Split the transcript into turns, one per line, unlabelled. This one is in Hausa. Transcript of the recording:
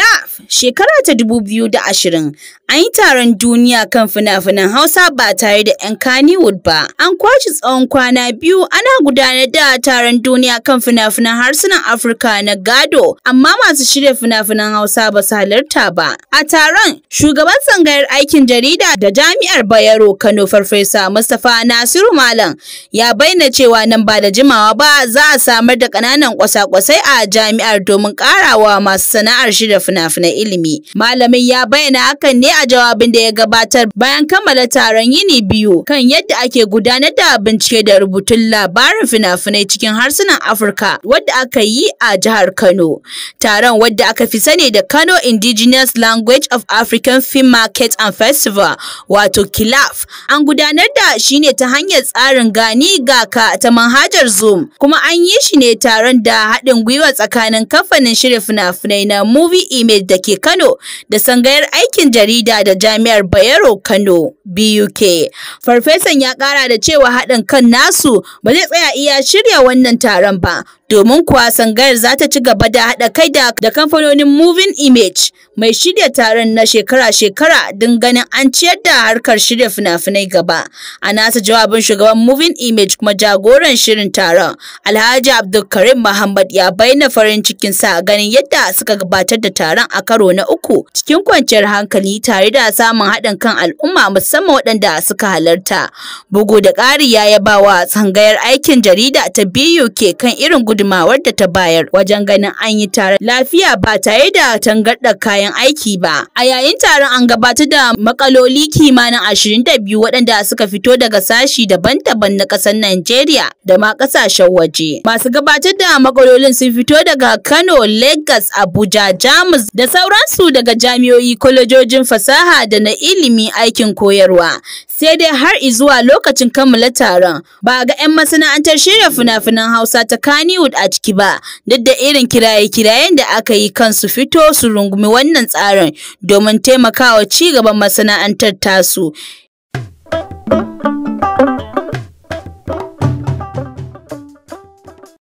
off! shekara ta dubu biyu da ashirin, an yi taron duniya kan fina-finan Hausa ba tare da 'yan Kannywood ba. An kwashi tsawon kwana biyu ana gudanar da taron duniya kan fina-finan harsunan Afirka na gado, amma masu shirya fina-finan Hausa ba su halarta ba. A taron, shugaban tsangayar aikin jarida da Jami'ar Bayero Kano Farfesa Mustapha Nasiru Malam ya bayyana cewa nan ba da jimawa ba za a samar da ƙananan kwasa-kwasai a jami'ar domin ƙarawa masu sana'ar shirya fina-finai ilimi. Malamin ya bayyana hakan ne a jawabin da ya gabatar bayan kammala taron yini biyu kan yadda ake gudanar da bincike da rubutun labarin fina-finai cikin harsunan Afirka wadda aka yi a jihar Kano. Taron wadda aka fi sani da Kano Indigenous Language of African Film Market and Festival wato KILAF an gudanar da shi ne ta hanyar tsarin gani gaka ta manhajar Zoom kuma an yi shi ne taron da haɗin gwiwa tsakanin kamfanin shirin fina-finai na Movie Image da ke Kano da Sangayar Aikin Jarida da Jami'ar Bayero Kano BUK. Farfesan ya ƙara da cewa haɗin kan nasu ba zai tsaya iya shirya wannan taron ba domin kuwa sangayar za ta ci gaba da haɗa kai da kamfanonin moving image mai shirya taron na shekara-shekara don ganin an ciyar da harkar shirya fina-finai gaba a nasa jawabin shugaban moving image kuma jagoran shirin taron alhaji abdulkarim muhammad ya bayyana farin cikin sa ganin yadda suka gabatar da taron a karo na uku cikin kwanciyar hankali tare da samun haɗin kan al'umma musamman waɗanda suka halarta bugu da ƙari ya yaba wa sangayar aikin jarida ta biyu ke kan irin gudumawar da ta bayar wajen ganin an yi taron lafiya ba tare da tangarɗar kayan aiki ba. A yayin taron an gabatar da makaloli kimanin ashirin da biyu waɗanda suka fito daga sashi daban-daban na ƙasar Najeriya da ma ƙasashen waje. Masu gabatar da makalolin sun fito daga Kano, Lagos, Abuja, Jamus da sauransu daga jami'o'i, kwalejojin fasaha da na ilimi aikin koyarwa. sai dai har izuwa lokacin kammala taron ba ga 'yan masana'antar shirya fina-finan hausa ta kannywood a ciki ba duk da irin kiraye-kirayen da aka yi kan su fito su rungumi wannan tsarin domin taimakawa ci gaban masana'antar tasu.